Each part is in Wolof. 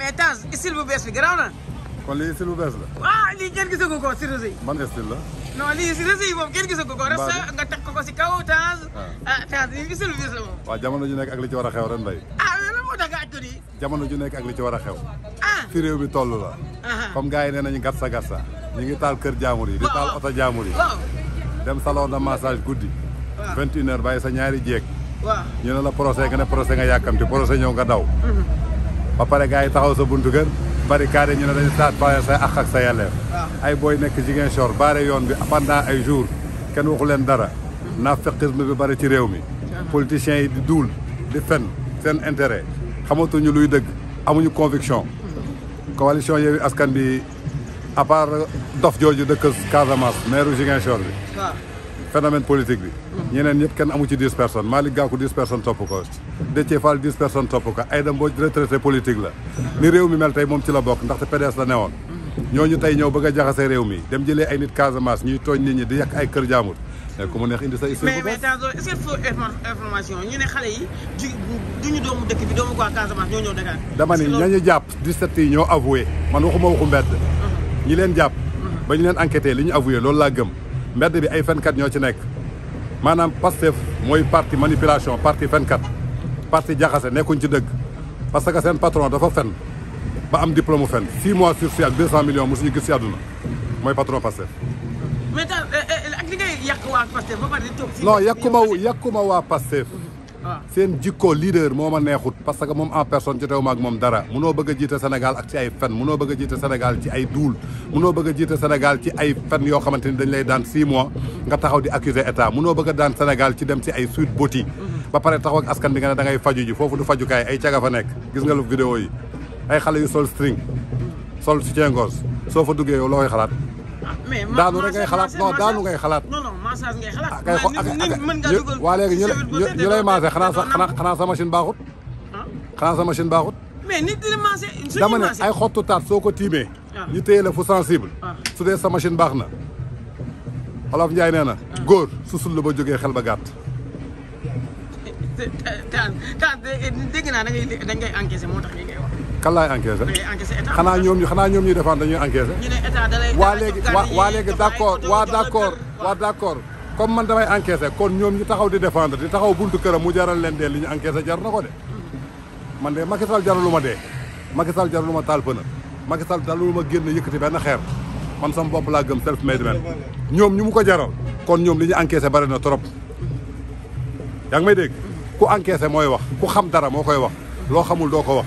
mais Tange style bu bees bi garaaw na. kon lii style bu bees la. waa ah, lii kenn gisagu ko si réseau yi. la. non lii si réseau kenn gisagu ko. ko si kaw Tange. Ah. Ah, jamono ju nekk ak li ci war a xew ren mbay ah jamono ju nekk ak li ci war a xew. ah fi réew mi toll la. comme gars yi nee nañu gatsa gatsa. ñu ngi taal kër jaamur yi. di taal oto jaamur yi. dem salon a massage guddi. waaw vingt une bàyyi sa ñaari jéeg. ñu ne la procès nga ne procès nga yàkkamti procès ñëw nga daw mhm. ba pare gars yi taxaw sa buntu kër barricade ñu ne dañu saat fayal say àq ak sa yelleef ay booy nekk jigéen chor baare yoon bi pendant ay jours kenn waxu leen dara naafeqisme bi bari ci réew mi politiciens yi di duul di fen seen intérêt xamatuñu luy dëgg amuñu conviction coalition Yewwi Askan bi à part dof jooju dëkk Casamance maire Ziguinchor bi phénomène politique bi. ñeneen ñëpp kenn amu ci dix personnes Malick Gakou dix personnes topp ko. Déthié Fall dix personnes topp ko Aïda Mbodj retraité politique la. ni réew mi mel tey moom ci la bokk ndaxte PDS la ñoo ñu tey ñëw bëgg a jaxase réew mi dem jëlee ay nit Casamance ñuy tooñ nit ñi di yàq ay kër jaamur. mais eh, ku mu neex indi sa histoire mais mais Tange est-ce que faut ne xale yi duñu doomu dëkk bi doomu ñëw Dakar. dama ni ñañu jàpp 17 yi ñoo avoué man waxuma waxu mbedd. Mhm. ñi leen jàpp. Mhm. ba ñu leen enquêté li ñu avoué loolu laa gëm mbedd bi ay fenkat ñoo ci nekk maanaam Pastef mooy parti manipulation parti fenkat parti jaxase nekkuñ ci dëgg parce que seen patron dafa fen ba am diplôme fen six mois sursis ak deux cent si mosuñu gis ci àdduna mooy patron Pastef mais euh, euh, ak li ngay yàq waa Pastef ba waa Pastef Ah. seen jikko leader moo ma neexut parce que moom en personne ci teew ma ak moom dara munoo bëgg a jiite Sénégal ak ci ay fen munoo bëgg a Sénégal ci ay duul munoo bëgg a jiite ci ay fen yoo xamante ni dañ lay daan si mois nga taxaw di accuser état munoo bëgg daan Sénégal ci dem ci ay suite boti mm-hmm. ba pare taxaw ak askan bi nga ne da ngay faju ji foofu du fajukaay ay caga fa nekk gis nga lu vidéo yi ay xale yu sol string sol soutien-gorge soo fa duggee yow loo xalaat mais daanu rek ngay xalaat non ngay xalaat. non non massage ngay xalaat. ak ah, ak ah, ah, waa léegi ñu lay maase xanaa sa machine baaxut. dama ne ay xottu taat soo ko tiimee. ñu téye la fu sensible. su dee sa machine baax na. Olof Ndiaye nee na. góor su sul la ba jógee xel ba gàtt. naa da ngay kan laay xanaa ñoom ñu xanaa ñoom ñuy defaan dañuy encaissé waa léegi waa léegi d' accord waa d' accord waa d' accord comme man damay encaissé kon ñoom ñu taxaw di défendre di taxaw buntu këram mu jaral leen dee li ñu encaissé jar na ko de man de Macky Sall jaralu ma dee Macky Sall jaralu ma taal pëna Macky Sall jaralu ma génn yëkkati benn xeer man sama bopp laa gëm self made man ñoom ñu mu ko jaral kon ñoom li ñu encaissé bari na trop yaa ngi may dégg ku encaissé mooy wax ku xam dara moo koy wax loo xamul doo ko wax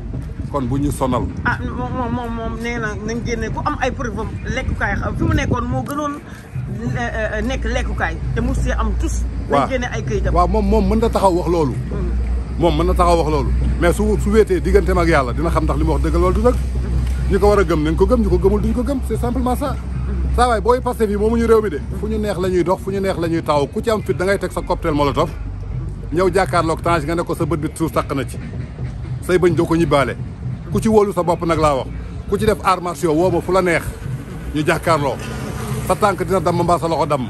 kon bu ñu sonal. ah moom moom moom nee na nañ génne ku am ay preuve lekkukaay fi mu nekkoon moo gënoon euh, euh, nekk lekkukaay te mu see am tous. waaw nañ génne ay këyitam. waaw moom moom mën na taxaw wax loolu. Hmm. moom mën na taxaw wax loolu mais su su weetee digganteem ak yàlla dina xam ndax li mu dëgg loolu du dëgg. ko war a ko gëm ñi ko gëmul duñ ko gëm c'est simplement ça. saa hmm. waay booy Pastef ñu réew mi de. fu ñu neex ñuy dox fu ñu neex la ñuy taw ku ci am fit da ngay teg sa cocktail molotov ñëw jàkkaarloog Tange nga ne ko sa bët bi suuf sàq na ci say bañ doo ko ñibbaale ku ci wóolu sa bopp nag laa wax ku ci def arts martiaux woo ma fu la neex ñu jàkkaarloo sa tànk dina damm mbaa sa loxo damm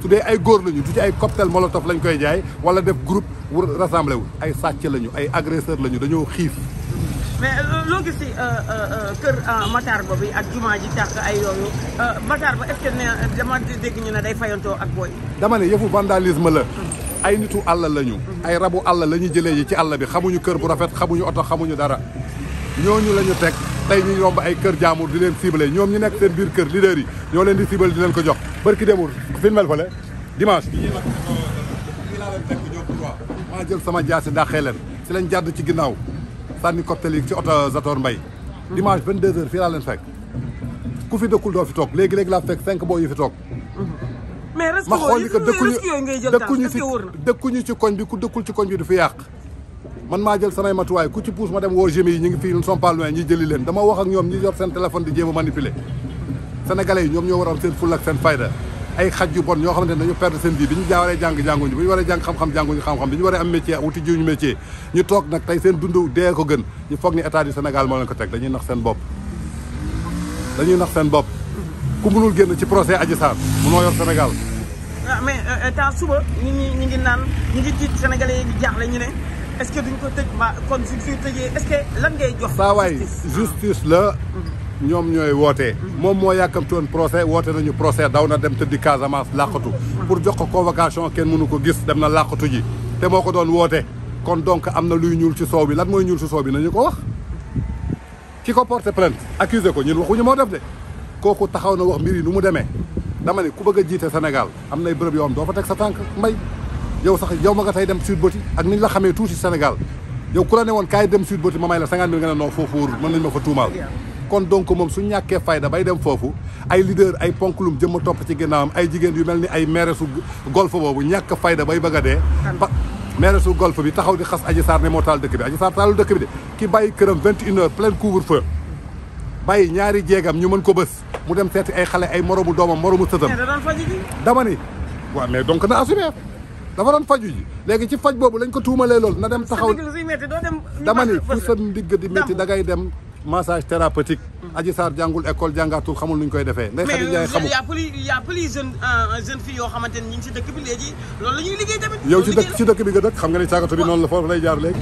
su dee ay góor lañu du ci ay cocktail molotov lañ koy jaay wala def groupe wur rassemblé wu ay sàcc lañu ay agresseur lañu dañoo xiif. mais euh, loo gis si euh, euh, kër Matar Ba bi ak jumaa ji tàkk ay yooyu Matar Ba est ce que nee dama dégg ñu ne day fayantoo ak booy. dama ne yëfu vandalisme la. ay nitu àll lañu. Mm-hmm. ay rabu àll la ñuy jëlee yi ci àll bi xamuñu kër bu rafet xamuñu oto xamuñu dara. ñooñu la ñu teg tey ñu yomb ay kër jaamur di leen ciblé ñoom ñu nekk seen biir kër leader yi ñoo leen di ciblé di leen ko jox barki demul fi mel fale dimanche maa jël sama jaasi dàqee leen si lañ jàdd ci ginnaaw sànni cocktail yi ci oto Zator Mbaye dimanche 22h fii laa leen fekk ku fi dëkkul doo fi toog léegi-léegi laa fekk cinq boo yu fi toog ma xool ni que dëkkuñu dëkkuñu ci dëkkuñu ci koñ bi ku dëkkul ci koñ bi du fi yàq man maa jël samay matuwaay ku ci pousse ma dem woo gémi yi ñu ngi fii ñu sont pas loin ñi leen dama wax ak ñoom ñi yor seen téléphone di jéem a manipuler yi ñoom ñoo war a am seen ful ak seen fayda ay xaj yu bon ñoo xam ne dañu perdre seen bii bi ñu jaawaree jàng jànguñu bi ñu waree jàng xam-xam jànguñu xam-xam bi ñu waree am métier wuti jiwuñu métier ñu toog nag tey seen dund dee ko gën ñu foog ni état du Sénégal moo leen ko teg dañuy nax seen dañuy nax seen bopp ku génn ci procès Adji Sarr mënoo yor Sénégal waaw ah, mais euh, euh, temps suba est-ce que duñ ma kon suñ fiy saa waay justice la. ñoom ñooy wootee moom moo yàkkamti woon procès woote nañu procès daw na dem tëddi Casamance làqatu. pour jox ko convocation kenn mënu ko gis dem na làqatu ji. te moo ko doon woote kon donc am na luy ñuul ci soow bi lan mooy ñuul ci soow bi nañu ko wax. ki ko porté plainte accusé ko ñun waxuñu moo def de kooku taxaw na wax mbir yi nu mu demee dama ne ku bëgg a jiite Sénégal am nay bërëb yoo doo fa teg sa tànk mbay. yow sax yow ma nga tey dem Sweet Beauty ak ni ñu la xamee tuuti Sénégal yow ku la ne woon kaay dem Sweet Beauty ma may la cinquante mille nga ne non foofu wóorul mën nañ ma fa tuumaal kon donc moom su ñàkkee fayda bay dem foofu ay leader ay ponklum jëm a topp ci am ay jigéen yu mel ni ay maire su golf boobu ñàkk fayda bay bëgg a dee maire su golf bi taxaw di xas Adji Sarr ne moo taal dëkk bi Adji Sarr taalu dëkk bi de ki bàyyi këram vingt une heures plein couvre ñaari jeegam ñu mën ko bës mu dem seeti ay xale ay moromu doomam moromu sëtam dama ni waaw mais donc na assumer dafa doon faju ji léegi ci faj boobu lañ ko tuumalee lool na dem taxaw dama ni fu sa ndigg di métti da ngay dem massage thérapeutique mm. aji saar jàngul école jàngaatul xamul nuñ koy defee nday xadi jaay xamul mais y a plus jeune euh, yoo xamante ne ñu ci dëkk ci dëkk bi nga dëkk xam nga ni cagatu bi noonu la foofu lay jaar léegi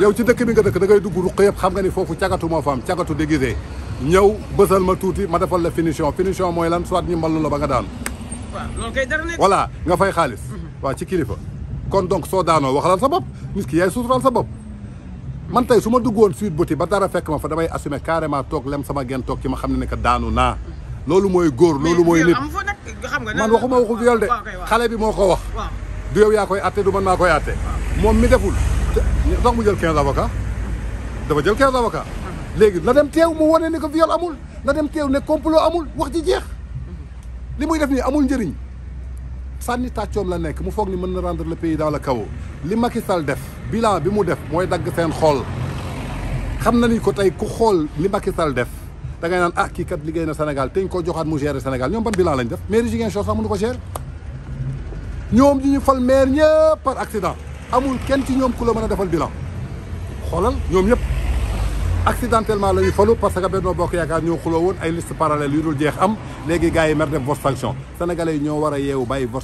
yow ci dëkk bi nga dëkk da ngay dugg ruq yëpp xam nga ni foofu cagatu moo fa am cagatu déguisé ñëw bësal ma tuuti ma defal la finition finition mooy lan soit ñu mballu la ba nga daanu voilà nga fay xaalis waa ci kilifa kon donc soo daanoo waxalal sa bopp nit ki yaay suutural sa bopp man tey su ma duggoon Sweet Beauty ba dara fekk ma fa damay assumer carrément toog lem sama gen toog ci ma xam ne ne que daanu naa loolu mooy góor loolu mooy nit man waxuma waxu viol de xale bi moo ko wax du yow yaa koy atte du man maa koy atte moom mi deful dox mu jël quinze avocats dafa jël quinze avocats léegi na dem teew mu wane ne que viol amul na dem teew ne complot amul wax ji jeex li muy def nii amul njëriñ sànni tàccoom la nekk mu foog ni mën na rendre le pays dans le chaos li Macky Sall def bilan bi mu def mooy dagg seen xool xam na ni ko tey ku xool li Macky Sall def da ngay naan ah kii kat liggéey na Sénégal te ñu ko joxaat mu gérer Sénégal ñoom ban bilan lañ def mairie Ziguinchor sax mënu ko gérer ñoom ñu ñu fal maire ñëpp par accident amul kenn ci ñoom ku la mën a defal bilan xoolal ñoom ñëpp. accidentellement la ñu parce que Benno Bokk Yaakaar ñoo xulo won ay liste parallèle yu dul jeex am mer def sénégalais ñoo wara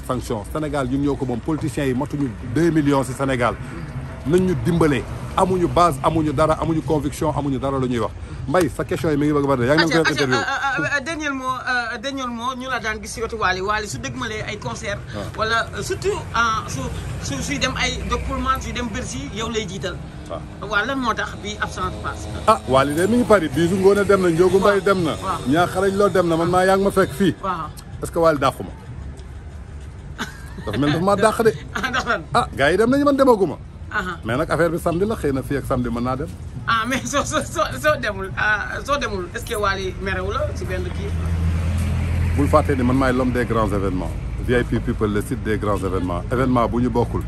sanction Sénégal ñun ñoko mom politiciens yi matuñu millions ont Sénégal nañ ñu amuñu base amuñu dara amuñu conviction amuñu dara lu ñuy wax mbay sa question yi mi ngi bëgg yaa ngi interview euh, euh, euh, dernier mot ñu la daan gis si wali su ay ah. wala surtout su su dem ay déploiement dem Bercy yow lay Moustapha. waaw lan moo tax bii absence passe. ah Wally de mi ngi Paris Bijou Ngoné dem na. waaw Ndiogou Mbaye dem na. waaw Niang Kharagne Lo dem na man maa yaa ngi ma fekk fii. waaw est-ce que Wally dàqu ma. dafa mel dafa maa dàq de. ah gars yi dem nañu man demaguma. mais nag affaire bi samedi la xëy na fii ak samedi mën naa dem. ah mais soo soo soo demul soo demul est-ce que Wally merewu la ci benn kii. bul fàtte ni man maay l'homme des grands événements VIP people le site des grands événements événement bu ñu bokkul.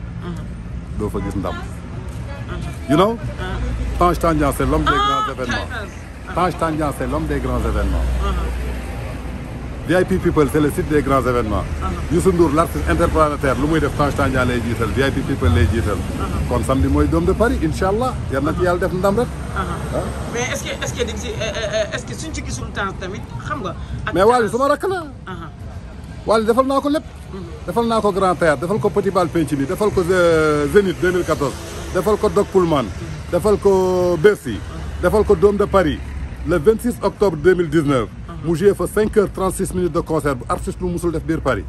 doo fa gis ndam. You know? Tange Tandian, ah, c'est l'homme des grands événements. Tange Tandian, c'est l'homme uh-huh. des grands événements. VIP People, c'est le site des grands événements. Uh-huh. lu muy def Tange Tandian lay jiital VIP People lay jiital. Uh-huh. kon mooy Dôme de Paris allah yal yàlla def ndam rek. suñ ci gisul Tange tamit xam nga. mais Wally sama rakk la. defal naa ko lépp. defal naa ko Grand defal ko Petit Bal bi defal ko euh, Zénith 2014. defal ko Dock Pullman defal ko Bercy defal ko Dôme de Paris le 26 octobre 2019 mu joué fa 5 h 36 minutes de concert bu artiste bu musul def à Paris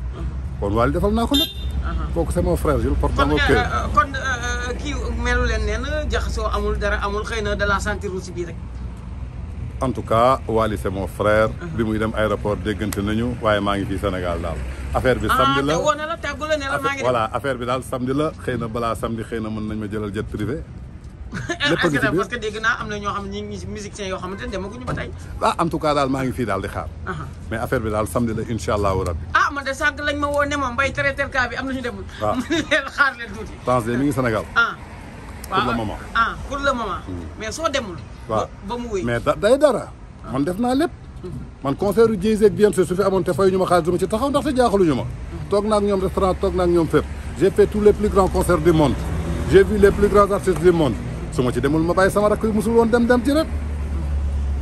kon wal defal nako ko lépp uh-huh. c'est mon frère je le porte dans mon cœur euh, kon euh, kii melu len nen jaxasoo amul dara amul la sentir ci rek en tout cas wali c'est mon frère. bi muy dem aéroport déggante nañu waye ma ngi fi Sénégal dal affaire bi samedi la voilà affaire bi dal samedi la xeyna bala samedi xeyna na mën nañ ma jëlal jet privé. lépp parce que dégg naa am na ñoo xam ne ñi ngi musiciens yoo xamante ne demaguñu ba tey. ah en tout cas dal ma ngi fi dal di xaar. mais affaire bi dal samedi la inshallah rabbi. ah man de sank lañ ma woné mom bay traité ka bi am na ñu demul. leen xaar leen tuuti. pensé mi ngi Sénégal. ah pour le moment. ah pour le moment. mais so demul. waaw ba mais day dara man def na lepp man concert u Jay-Z ak Beyoncé su fi amoon te fayu ñu ma du ci taxaw ndax te jaaxaluñu ma toog naa ak restaurant tok nak ñom ñoom j'ai fait tous les plus grands concerts du monde j'ai vu les plus grands artistes du monde su ci demul ma bay sama rakk musul won ah, dem dem ci rek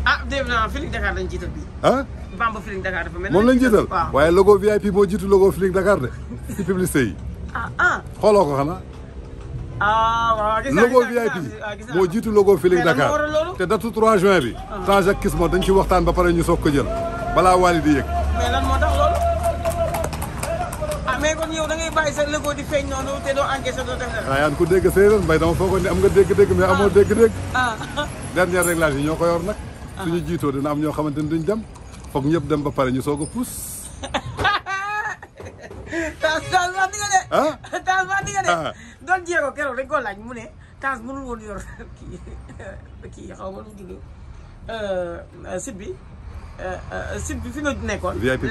ah dégg naa Feeling Dakar lañ jittal bi hein Bamba Feeling Dakar dafa mel moom lañ jittal waye logo VIP moo jittu logo Feeling Dakar de ci publicité yi ah ah xoloko xana ah waaw gis naa logo VIP moo jiitu logo Feeling Dakar te datu 3 juin bi. temps ah. ak kisma dañ ci waxtaan ba pare ñu soog ko jël balaa Wally di yëg. moo tax loolu. ah mais kon yow da ngay bàyyi logo di feeñ noonu te doo encaissé doo def dara. waaw yaa ngi ko dégg séeréer mbay dama foogoon ne am nga dégg-dégg. mais amoo ah. dégg-dégg. ah dernière réglage yi ñoo ko yor nag. Ah. suñu jiitoo dina am ñoo xamante ni duñ dem foog ñëpp dem ba pare ñu soog a pousse. taas taas wax dëgg de. doon jéego keroog dañ ko mu ne Tange mënul woon yor kii kii xaw ma nu mu tudd site bi site bi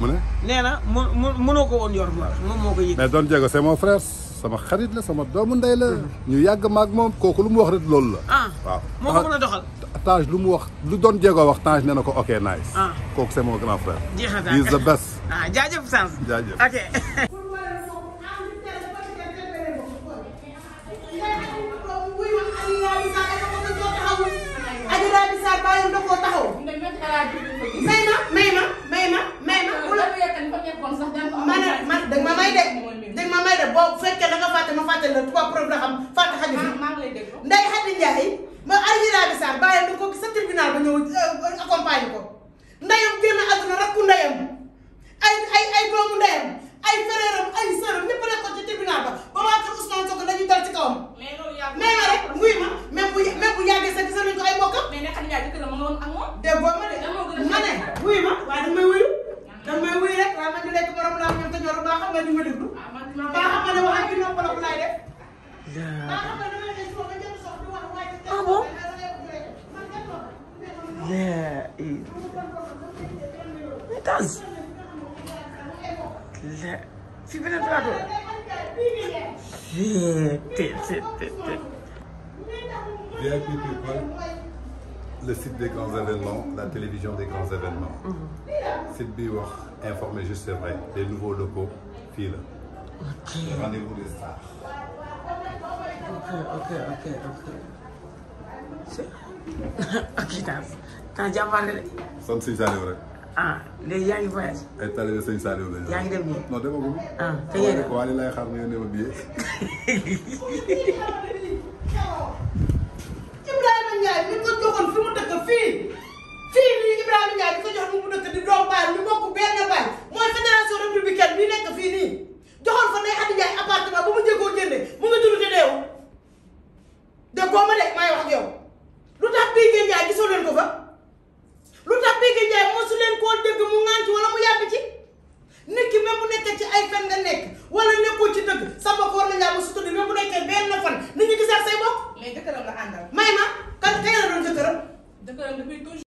mu ne. nee na mu mu mënoo ko woon yor moom moo ko yëg. mais doon jéego c'est mon frère sama xarit la sama doomu ndey la. ñu yàgg maag moom kooku lu mu wax rek loolu la. Ah, waaw moo ko mën a doxal. Tange lu mu wax lu doon jéego wax Tange na ko ok nice. Ah. kooku c'est grand frère. jeexal is the best. ah jaajëf Tange. jaajëf ok. may ma may ma may ma may ma. man man danga may de. danga ma may de boo fekkee da nga fàtte ma fàtte la tubaab preuve la xam fàtte xaju fi. Ndeye Khady Ndiaye ma Almira bi sax bàyyi ko sa tribunal ba ñëw euh, accompagner ko. Tange si beneen plateau VIP People le site des grands événements la télévision des grands événements site mm-hmm. bi wax informer juste c'est vrai les nouveaux locaux fil, rendez-vous des stars ok ok ok ok ok t'as, Tange jàmbaar la de. si ah léegi yaa ngi voyage. ay talibé sëñ Saliou lañu. yaa ngi dem nii non demagum. ah te yéen a waaye laay xaar nga ne ma billet. Ibrahima Ndiaye mi ko joxoon fi mu dëkk fii fii nii Ibrahima Ndiaye mi ko joxoon fi mu dëkk di doom baay ñu bokk benn baay mooy